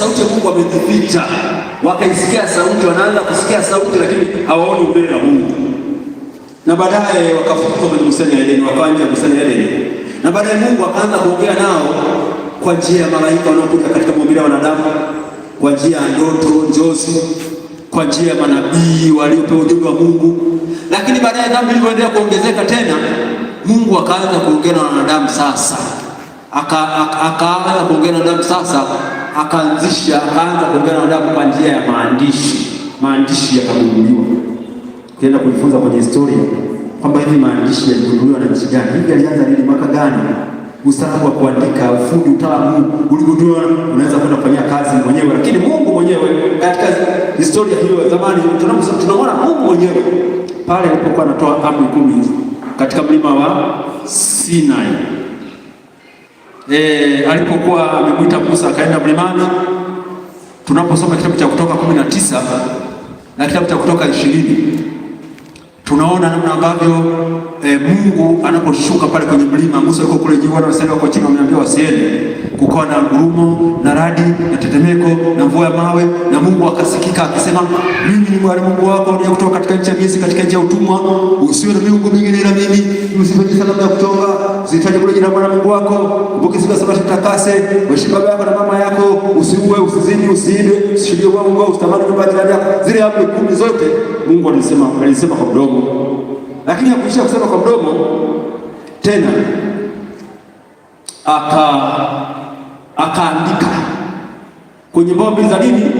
sauti ya Mungu wamejificha, wakaisikia sauti, wanaanza kusikia sauti, lakini hawaoni mbele ya Mungu, na baadaye wakafukuzwa kwenye bustani ya Edeni, wakanja bustani ya Edeni, na baadaye Mungu akaanza kuongea nao kwa njia ya malaika wanaopita katika mwili wa wanadamu, kwa njia ya ndoto, njozi, kwa njia ya manabii waliopewa ujumbe wa Mungu. Lakini baadaye dhambi ilivyoendelea kuongezeka tena, Mungu akaanza kuongea na wanadamu sasa, akaanza kuongea na wanadamu sasa akaanzisha akaanza kuongea na wadau kwa njia ya maandishi. Maandishi yakagunduliwa, ukienda kujifunza kwenye historia kwamba hivi maandishi yaligunduliwa na nchi gani, hivi alianza lini, mwaka gani, ustaarabu wa kuandika, ufundi, utaalamu uligunduliwa, unaweza kwenda kufanyia kazi mwenyewe. Lakini Mungu mwenyewe katika historia hiyo zamani, tunamwona Mungu mwenyewe pale alipokuwa anatoa amri kumi katika mlima wa Sinai eh, alipokuwa amemwita Musa akaenda mlimani. Tunaposoma kitabu cha Kutoka kumi na tisa na kitabu cha Kutoka ishirini tunaona namna ambavyo e, Mungu anaposhuka pale kwenye mlima. Musa yuko kule juu, Waisraeli wako chini, wameambia wasiende. Kukawa na ngurumo na radi na tetemeko na mvua ya mawe, na Mungu akasikika akisema, mimi ni Bwana Mungu wako ndiye kutoka katika nchi ya Misri, katika nchi ya utumwa. Usiwe na miungu mingine ila mimi, msifanye sanamu ya kuchonga usitaje kule jina la Mungu wako. Kumbuka siku ya Sabato heshimu baba yako na mama yako, usiue, usizini, usiibe, usishuhudie uongo, usitamani nyumba ya jirani yako. Zile amri kumi zote Mungu alisema, alisema kwa mdomo, lakini akuisha kusema kwa mdomo tena, aka akaandika kwenye mbao mbili za nini,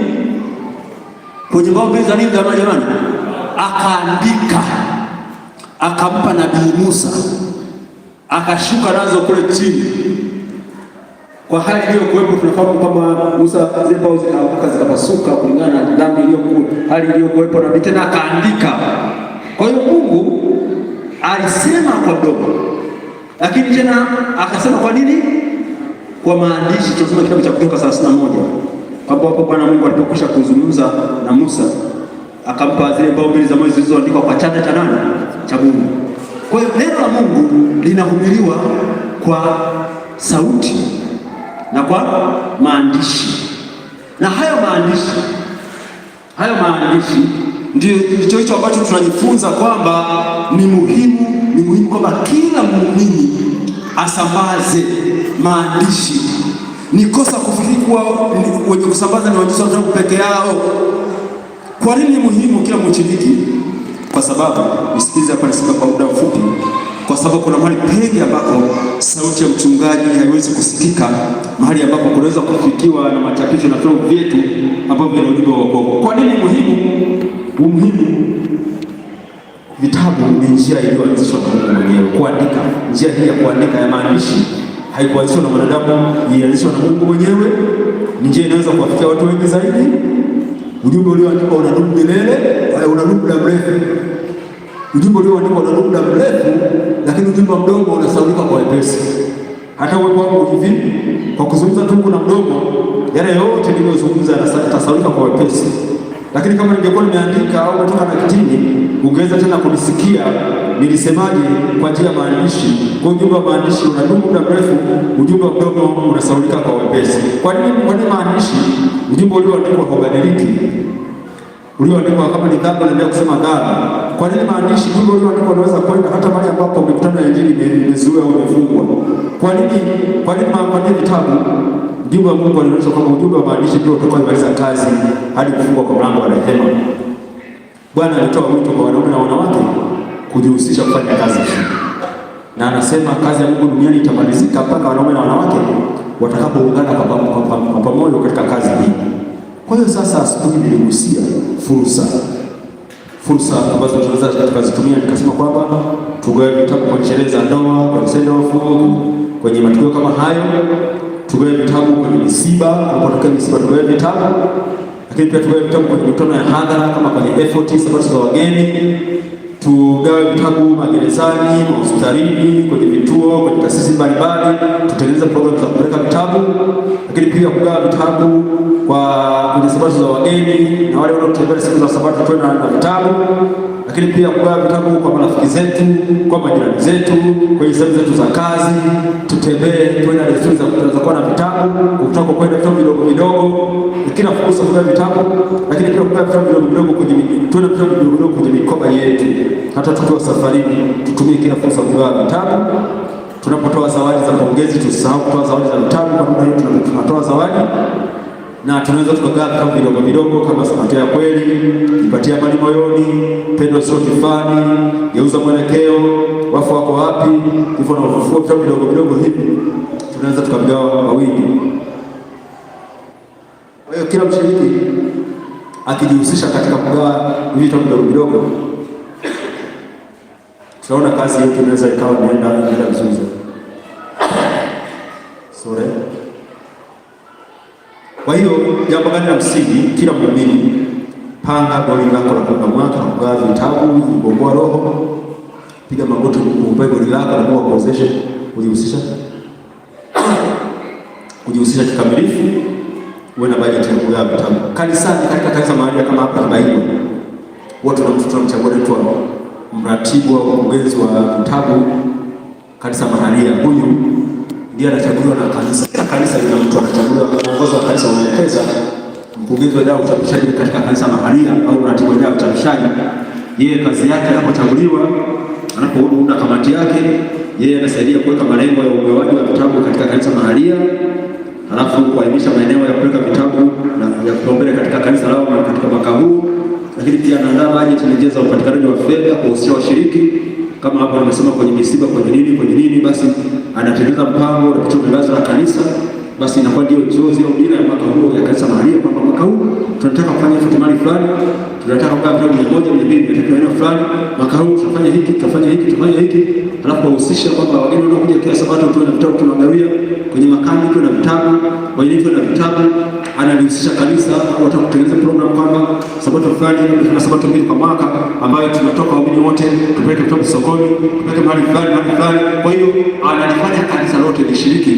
kwenye mbao mbili za dini, jamani jamani, akaandika akampa Nabii Musa akashuka nazo kule chini. Kwa hali iliyokuwepo, tunafahamu kwamba Musa zile zikaanguka zikapasuka kulingana na dhambi iliyokuwa hali iliyokuwepo, na tena akaandika. Kwa hiyo Mungu alisema kwa mdomo, lakini tena akasema kwa nini? Kwa maandishi. Tunasoma kitabu cha Kutoka 31 hapo hapo Bwana Mungu alipokwisha kuzungumza na Musa akampa zile mbao mbili za mwezi zilizoandikwa kwa chanda cha nani cha Mungu kwa hiyo neno la Mungu linahubiriwa kwa sauti na kwa maandishi, na hayo maandishi hayo maandishi ndio ndicho hicho ambacho tunajifunza kwamba ni muhimu, ni muhimu kwamba kila muumini asambaze maandishi. Ni kosa kufikwa wenye kusambaza ni Wakristo peke yao. Kwa nini ni muhimu kila mchiriki kwa sababu nisikize hapa, nisema kwa muda mfupi, kwa sababu kuna mahali pengi ambapo sauti ya mchungaji haiwezi kusikika, mahali ambapo kunaweza kufikiwa na machapisho na vitabu vyetu ambavyo vina ujumbe wa wokovu. Kwa nini muhimu? Umuhimu, vitabu ni njia iliyoanzishwa na Mungu mwenyewe kuandika. Njia hii ya kuandika ya maandishi haikuanzishwa na mwanadamu, ilianzishwa na Mungu mwenyewe. Ni njia inaweza kuwafikia watu wengi zaidi Ujumbe ulioandikwa unadumu milele, unadumu muda mrefu. Ujumbe ulioandikwa unadumu muda mrefu, lakini ujumbe mdogo unasaulika kwa wepesi. Hata uwepo wako hivi, kwa kuzungumza tu kuna mdogo, yale yote niliyozungumza yatasaulika kwa wepesi. Lakini kama ningekuwa nimeandika au katika nakitini, ungeweza tena kunisikia nilisemaje kwa njia ya maandishi. Kwa ujumbe wa maandishi unadumu muda mrefu, ujumbe wa mdomo unasaulika kwa wepesi. Kwa nini? Kwa nini maandishi, ujumbe ulioandikwa haubadiliki, ulioandikwa kama ni dhambi naendelea kusema dhambi. Kwa nini maandishi, ujumbe ulioandikwa unaweza kwenda hata mahali ambapo mikutano ya Injili imezuia au imefungwa? Kwa nini? Kwa nini vitabu Ujumbe wa Mungu aliuliza kwamba ujumbe wa maandishi ndio utakaomaliza kazi hadi kufungwa kwa mlango wa rehema. Bwana alitoa wito kwa wanaume na wanawake kujihusisha kufanya kazi, na anasema kazi ya Mungu duniani itamalizika mpaka wanaume na wanawake watakapoungana kwa pamoja katika kazi hii. Kwa hiyo sasa, asubuhi niligusia fursa fursa ambazo tunaweza tukazitumia. Nikasema kwamba tugawe vitabu kwenye sherehe za ndoa, kwenye sendofu, kwenye matukio kama hayo tugawe vitabu kwenye misiba ambapo misiba tugawe vitabu, lakini pia tugawe vitabu kwenye mikutano ya hadhara kama kwenye effort sabato za wageni, tugawe vitabu magerezani, mahospitalini, kwenye vituo, kwenye taasisi mbalimbali, tutengeneze programu za kupeleka vitabu, lakini pia kugawa vitabu kwa kwenye sabato za wageni na wale wanaotembea siku za sabato, kwenda na vitabu, lakini pia kugawa vitabu kwa marafiki zetu, kwa majirani zetu, kwenye sehemu zetu za kazi, tutembee, kwenda na desturi za kuwa na vitabu, kutoka kwenda vitabu vidogo vidogo, kila fursa kugawa vitabu, lakini pia kugawa vitabu vidogo vidogo kwenye tuwe na vitabu vidogo vidogo kwenye mikoba yetu, hata tukiwa safarini, tutumie kila fursa kugawa vitabu. Tunapotoa zawadi za pongezi, tusisahau kutoa zawadi za vitabu, kwa maana tunatoa zawadi na tunaweza tukakaa kama vidogo vidogo, kama Samaria ya kweli, jipatia amani moyoni, pendo sio kifani, geuza mwelekeo, wafu wako wapi, hivyo na ufufuo. Vitabu vidogo vidogo hivi tunaweza tukagawa wingi. Kwa hiyo kila mshiriki akijihusisha katika kugawa hivi vitabu vidogo vidogo, tunaona kazi yetu inaweza ikawa inaenda vizuri Sore kwa hiyo jambo gani la msingi, kila muumini panga goli lako la kuna mwaka, kugaa vitabu, kubomoa roho, piga magoti, uombe goli lako na kuwa kuwezesha kujihusisha kujihusisha kikamilifu, uwe na bajeti ya kugaa vitabu kanisani. Katika kanisa mahali kama hapa Mahigo, watu tunamchagua mtu mratibu au mwenzi wa vitabu kanisa mahalia huyu ndiye anachaguliwa na kanisa. Kila Kanisa lina mtu anachaguliwa, mwongozo wa kanisa unaelekeza mkurugenzi wa idara ya uchapishaji katika kanisa mahalia au mratibu wa idara ya uchapishaji. Yeye kazi yake anapochaguliwa, anapounda kamati yake, yeye anasaidia kuweka malengo ya ugawaji wa vitabu katika kanisa mahalia, halafu kuainisha maeneo ya kuweka vitabu na ya kuombele katika kanisa lao katika mwaka huu, lakini pia anaandaa bajeti za upatikanaji wa fedha kuhusisha washiriki kama hapo nimesema kwenye misiba, kwenye nini, kwenye nini, basi anatengeneza mpango na kitu tangazo na kanisa, basi inakuwa ndio chozi au dira ya mwaka huo ya kanisa mahali kwa mwaka huu tunataka kufanya kitu fatimali fulani, tunataka kwa mtu mmoja mia mbili tunataka eneo fulani, mwaka huu tutafanya hiki, tutafanya hiki, tutafanya hiki, alafu wahusisha kwamba wageni wanaokuja kila Sabato tu na vitabu tunagawia kwenye makani, tu na vitabu, wenyewe tuwe na vitabu, analihusisha kanisa au atakutengeneza program kwamba sabato fulani na sabato mbili kwa mwaka ambayo tunatoka waumini wote tupeleke kutoka sokoni tupeleke mahali fulani mahali fulani. Kwa hiyo analifanya kanisa lote lishiriki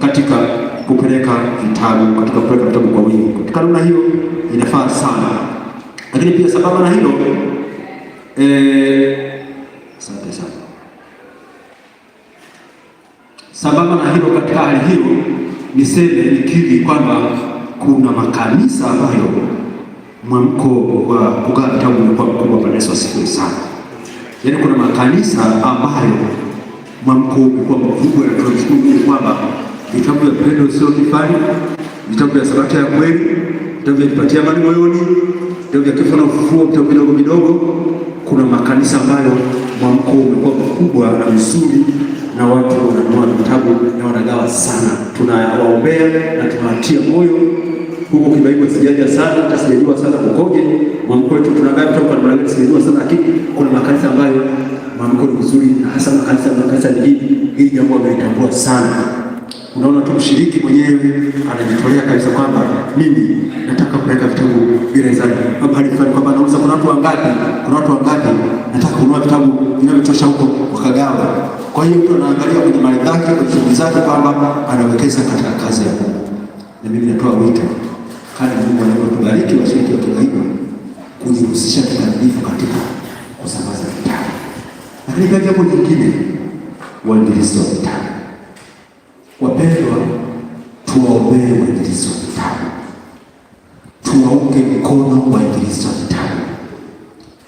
katika kupeleka vitabu katika kupeleka vitabu kwa wingi. Katika namna hiyo inafaa sana, lakini pia sababu na hilo eh, asante sana. Sambamba na hilo, katika hali hiyo niseme nikiri kwamba kuna makanisa ambayo mwamko wa kugawa vitabu ulikuwa mkubwa. Bwana Yesu asifiwe sana. Yaani kuna makanisa ambayo mwamko ulikuwa mkubwa, na tunashukuru Mungu kwamba vitabu vya pendo sio kifani, vitabu vya Sabato ya kweli, vitabu vya kupatia amani moyoni, vitabu vya kifo na ufufuo, vitabu vidogo vidogo. Kuna makanisa ambayo mwamko ulikuwa mkubwa na mzuri na watu wananunua vitabu na wanagawa sana. Tunawaombea na tunawatia moyo huko Kibaigwa sijaja sana, hata sijajua sana kukoje mwamko wetu gari toka kwa magari sijajua sana, lakini kuna makanisa ambayo mwamko ni mzuri, na hasa makanisa ya makanisa mengine, hili jambo amelitambua sana. Unaona tu mshiriki mwenyewe anajitolea kabisa kwamba mimi nataka kuweka vitabu bila gerezani, kwamba halifani kwamba anauliza kuna watu wangapi, kuna watu wangapi, nataka kununua vitabu vinavyotosha huko wakagawa. Kwa hiyo mtu anaangalia kwenye mali zake, kwenye shughuli zake, kwamba anawekeza katika kazi ya Mungu, na mimi natoa wito Hali Mungu alivyotubariki washiriki wa Kigaiba kujihusisha kikamilifu katika kusambaza vitabu. Lakini pia jambo lingine, wainjilisti wa vitabu, wapendwa, tuwaombee wainjilisti wa vitabu, tuwaunge mkono wainjilisti wa vitabu,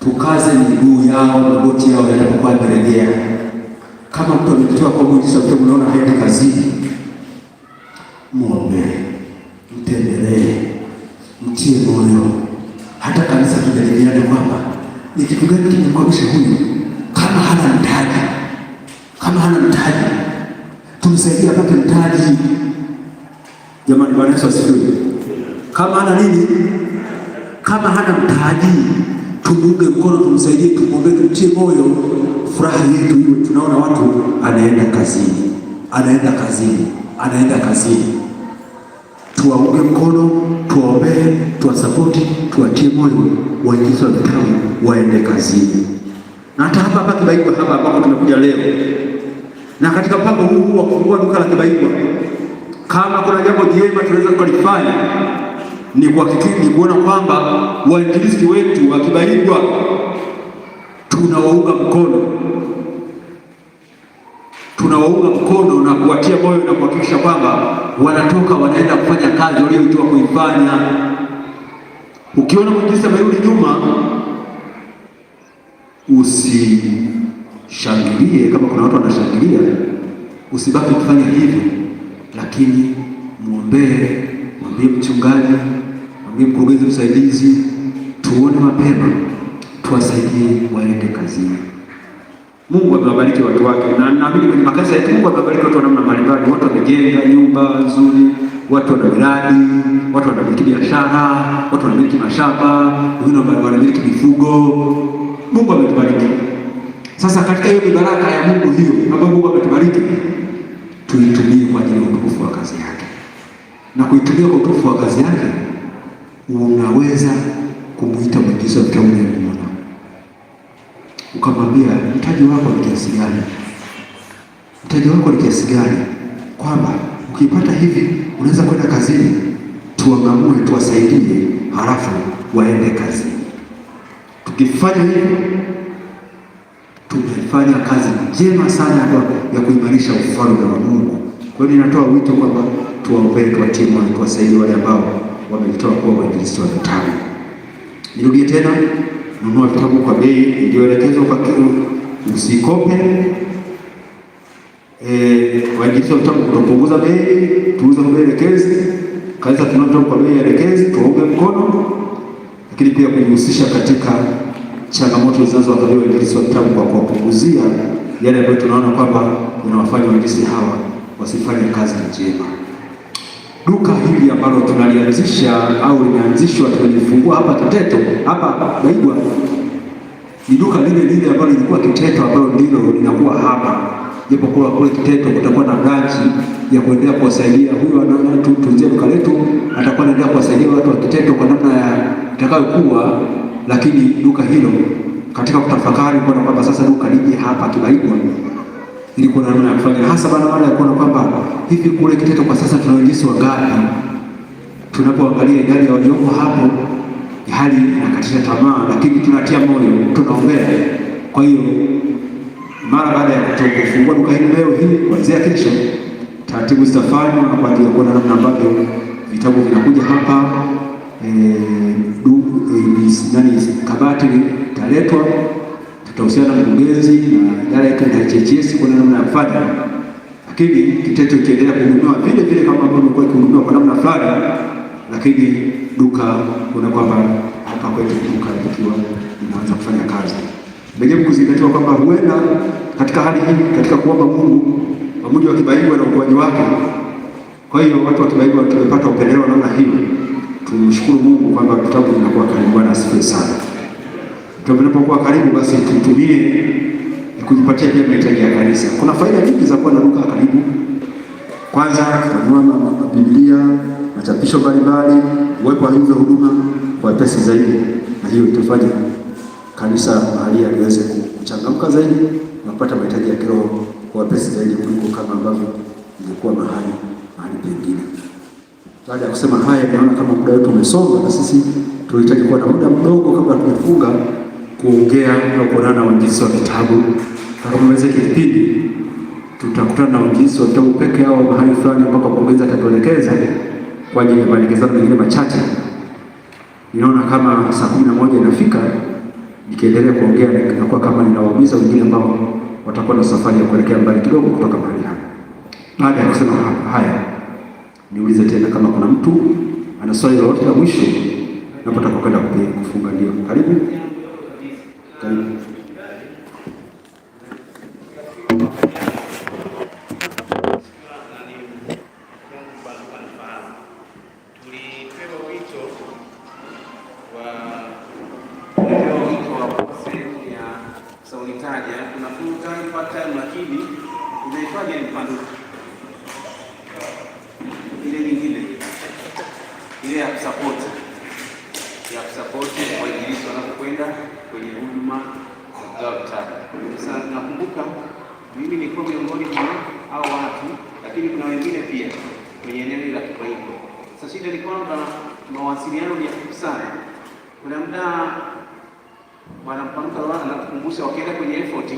tukaze miguu yao, magoti yao yanapokuwa yamerejea. Kama mtu amepitiwa kwa mwinjilisti wa vitabu, unaona haendi kazini ni kitu gani kimemkwamisha huyu? Kama hana mtaji, kama hana mtaji, tumsaidia apate mtaji. Jamani, Bwana Yesu asifiwe. Kama hana nini? Kama hana mtaji, tumuunge mkono, tumsaidie, tumwombee, tumtie moyo. Furaha yetu iwe tunaona watu anaenda kazini, anaenda kazini, anaenda kazini tuwaunge mkono, tuwaombee, tuwasapoti, tuwatie moyo, waingizi vitabu waende kazini, na hata hapa hapa Kibaigwa hapa ambapo tumekuja leo na katika mpango huu wa kufungua duka la Kibaigwa, kama kuna jambo jema tunaweza kulifanya ni kuhakikisha kuona kwamba wainjilisti wetu wa Kibaigwa tunawaunga mkono tunawaunga mkono na kuwatia moyo na kuhakikisha kwamba wanatoka wanaenda kufanya kazi waliyoitwa kuifanya. Ukiona mwinjilisti amerudi nyuma, usishangilie. Kama kuna watu wanashangilia, usibaki kufanya hivyo, lakini mwombee, mwambie mchungaji, mwambie mkurugenzi msaidizi, tuone mapema, tuwasaidie waende kazini. Mungu amewabariki watu wake na naamini kwenye makazi ya Mungu amewabariki watu wa namna mbalimbali. Watu wamejenga nyumba nzuri, watu wana miradi, watu wanamiliki biashara, watu wanamiliki mashamba, wengine wanamiliki mifugo. Mungu ametubariki. Sasa katika hiyo baraka ya Mungu hiyo ambayo Mungu ametubariki, tuitumie kwa ajili ya utukufu wa kazi yake. Na kuitumia kwa utukufu wa kazi yake unaweza kumuita mwingizo mteule ukamwambia mtaji wako ni kiasi gani, mtaji wako ni kiasi gani, kwamba ukipata hivi unaweza kwenda kazini, tuangamue, tuwasaidie, halafu waende kazini. Tukifanya hivyo, tunafanya kazi njema sana ya kuimarisha ufalme wa Mungu. Kwa hiyo ninatoa wito kwamba tuwaombee, tuwatie moyo, tuwasaidie wale ambao wamejitoa kuwa wainjilisti wa vitabu. Nirudie tena nunua vitabu kwa bei iliyoelekezwa kwa kilo, usikope eh, waingizi vitabu kutopunguza bei, tuuze kwa bei elekezi. Kanisa tunao vitabu kwa bei elekezi, tuwaunge mkono, lakini pia kujihusisha katika changamoto zinazowakabili waingizi wa vitabu kwa kuwapunguzia yale ambayo tunaona kwamba inawafanya waingizi hawa wasifanye kazi njema duka hili ambalo tunalianzisha au limeanzishwa tumelifungua hapa Kiteto hapa Baigwa ni duka lile lile ambalo lilikuwa Kiteto ambalo ndilo linakuwa hapa, kwa kule Kiteto kutakuwa na branchi ya kuendelea kuwasaidia huyu tunzie duka letu, atakuwa anaendelea kuwasaidia watu wa Kiteto kwa namna ya itakayokuwa, lakini duka hilo katika kutafakari kwa kwamba sasa duka lije hapa Kibaigwa ili kuna namna ya kufanya hasa bana wale kuona kwamba hivi kule Kiteto kwa sasa tuna wajesi wangapi. Tunapoangalia idadi ya walioko hapo, hali inakatisha tamaa, lakini tunatia moyo, tunaombea. Kwa hiyo mara baada ya kufungua duka hili leo hii kuanzia kesho, taratibu zitafanywa na kwa ajili ya kuona namna ambavyo vitabu vinakuja hapa e, du, e, nani kabati taletwa tutahusiana na mkurugenzi na director na HHS kuna namna ya kufanya, lakini Kiteto ikiendelea kuhudumiwa vile vile kama ambavyo imekuwa ikihudumiwa kwa namna fulani, lakini duka kuna kwamba hapa kwetu duka likiwa inaanza kufanya kazi mejebu kuzingatiwa kwamba huenda katika hali hii katika kuomba Mungu pamoja wa Kibaigwa na ukuaji wake. Kwa hiyo watu wa Kibaigwa tumepata upendeleo namna hiyo, tumshukuru Mungu kwamba vitabu vinakuwa karibu na sana ndio vinapokuwa karibu, basi tutumie kujipatia pia mahitaji ya kanisa. Kuna faida nyingi za kuwa na duka karibu. Kwanza kununua Biblia, machapisho mbalimbali, uwepo wa hizo huduma kwa pesa zaidi, na hiyo itafanya kanisa mahali aliweze kuchangamka zaidi na kupata mahitaji ya kiroho kwa pesa zaidi kuliko kama ambavyo ilikuwa mahali mahali pengine. Baada ya kusema haya, naona kama muda wetu umesonga, na sisi tulihitaji kuwa na muda mdogo kabla tumefunga kuongea na kuonana na wainjilisti wa kitabu. Tutakapomaliza kipindi, tutakutana na wainjilisti wa kitabu peke yao mahali fulani, ambako kuongeza atatuelekeza kwa ajili ya maelekezo mengine machache. Ninaona kama saa kumi na moja inafika, nikiendelea kuongea nakuwa kama ninawaumiza wengine ambao watakuwa na safari ya kuelekea mbali kidogo kutoka mahali hapa. Baada ya kusema haya, niulize tena kama kuna mtu ana swali lolote la mwisho napotaka kwenda kupiga kufunga. Ndio, karibu tulipewa wito wa sehemu ya Sauti Tija, kuna full time part time, ile nyingine ile ya kusapoti ya kusapoti wainjilisti wanapokwenda kwenye huduma za daktari. Sasa nakumbuka mimi nilikuwa miongoni mwa hao watu, lakini kuna wengine pia kwenye eneo la Kibaiko. Sasa shida ni kwamba mawasiliano ni hafifu sana. Kuna muda Bwana Mpanuka anatukumbusha wakienda kwenye effort,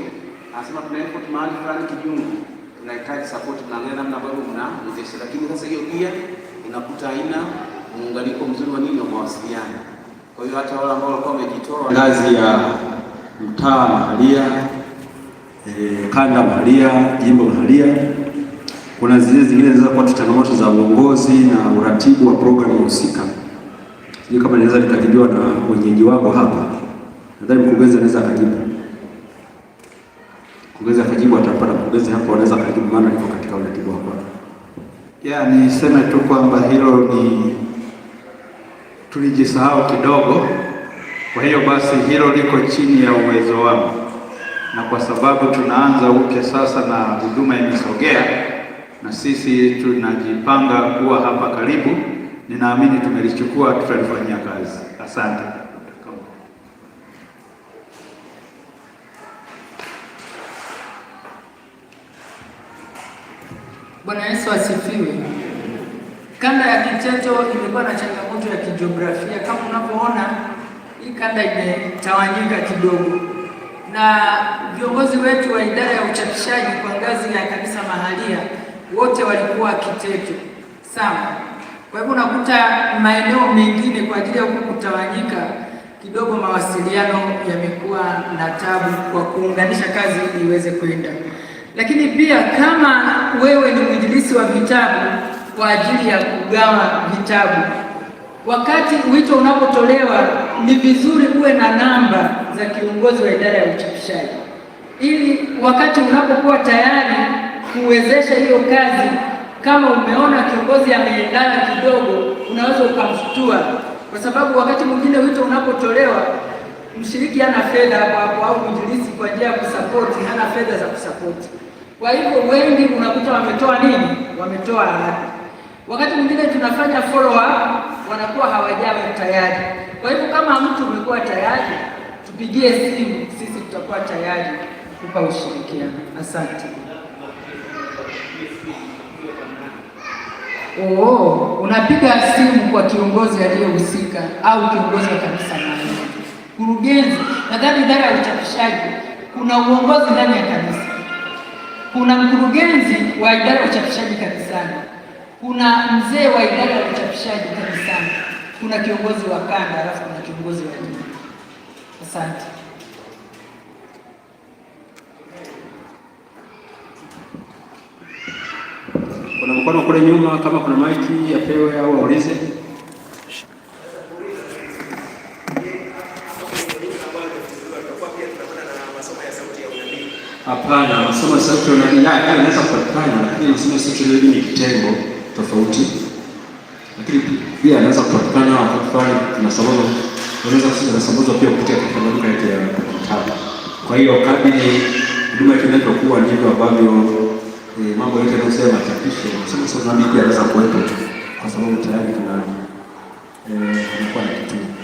anasema tuna effort mahali fulani Kijungu, tunahitaji support, tunaangalia namna ambavyo mnawezesha, lakini sasa hiyo pia unakuta haina muunganiko mzuri wa nini wa mawasiliano. Kwa hiyo hata wale ambao walikuwa wamejitoa ngazi ya mtaa mahalia, e, kanda mahalia, jimbo mahalia, kuna zile zingine zinaweza kuwa changamoto za uongozi na uratibu wa programu husika. Sijui kama inaweza nikajibiwa na wenyeji wako hapa, nadhani mkurugenzi anaweza akajibu. Mkurugenzi akajibu, atapata na hapo anaweza kujibu maana niko katika uratibu wako. Yeah, sema tu kwamba hilo ni tulijisahau kidogo. Kwa hiyo basi hilo liko chini ya uwezo wangu, na kwa sababu tunaanza upya sasa na huduma imesogea, na sisi tunajipanga kuwa hapa karibu, ninaamini tumelichukua, tutalifanyia kazi. Asante. Bwana Yesu asifiwe. Kanda ya Kiteto imekuwa na changamoto ya kijiografia kama unavyoona, hii kanda imetawanyika kidogo, na viongozi wetu wa idara ya uchapishaji kwa ngazi ya kanisa mahalia wote walikuwa Kiteto sawa. Kwa hivyo unakuta maeneo mengine kwa ajili ya huku kutawanyika kidogo, mawasiliano yamekuwa na tabu kwa kuunganisha kazi iweze kwenda, lakini pia kama wewe ni mwinjilisi wa vitabu kwa ajili ya kugawa vitabu. Wakati wito unapotolewa, ni vizuri uwe na namba za kiongozi wa idara ya uchapishaji, ili wakati unapokuwa tayari kuwezesha hiyo kazi, kama umeona kiongozi ameendana kidogo, unaweza ukamfutua, kwa sababu wakati mwingine wito unapotolewa mshiriki hana fedha hapo hapo, au mjulisi kwa njia ya kusapoti hana fedha za kusapoti. Kwa hivyo wengi unakuta wametoa nini, wametoa ahadi. Wakati mwingine tunafanya follow up, wanakuwa hawajawa tayari. Kwa hivyo kama mtu umekuwa tayari, tupigie simu, sisi tutakuwa tayari kupa ushirikiano. Asante. Oh, unapiga simu kwa kiongozi aliyehusika au kiongozi wa kanisa lako, mkurugenzi. Nadhani idara ya uchapishaji kuna uongozi ndani ya kanisa, kuna mkurugenzi wa idara ya uchapishaji kanisani kuna mzee wa idara ya uchapishaji kanisani, kuna kiongozi wa kanda, halafu kuna kiongozi wa dini. Asante. Kuna mkono kule nyuma, kama kuna maiki yapewe au waulize. Hapana, masomo ya sauti ya unabii lakini masomo ya sauti ya ni kitengo tofauti, lakini pia anaweza kupatikana wakati fulani sababu anaweza kusema na sababu pia kupitia katika maduka yetu ya vitabu. Kwa hiyo kadi ni huduma yetu inavyokuwa ndivyo ambavyo eh, mambo yote yanayosema machapisho, kusema sasa, pia anaweza kuwepo kwa sababu tayari tuna eh, kuna kitu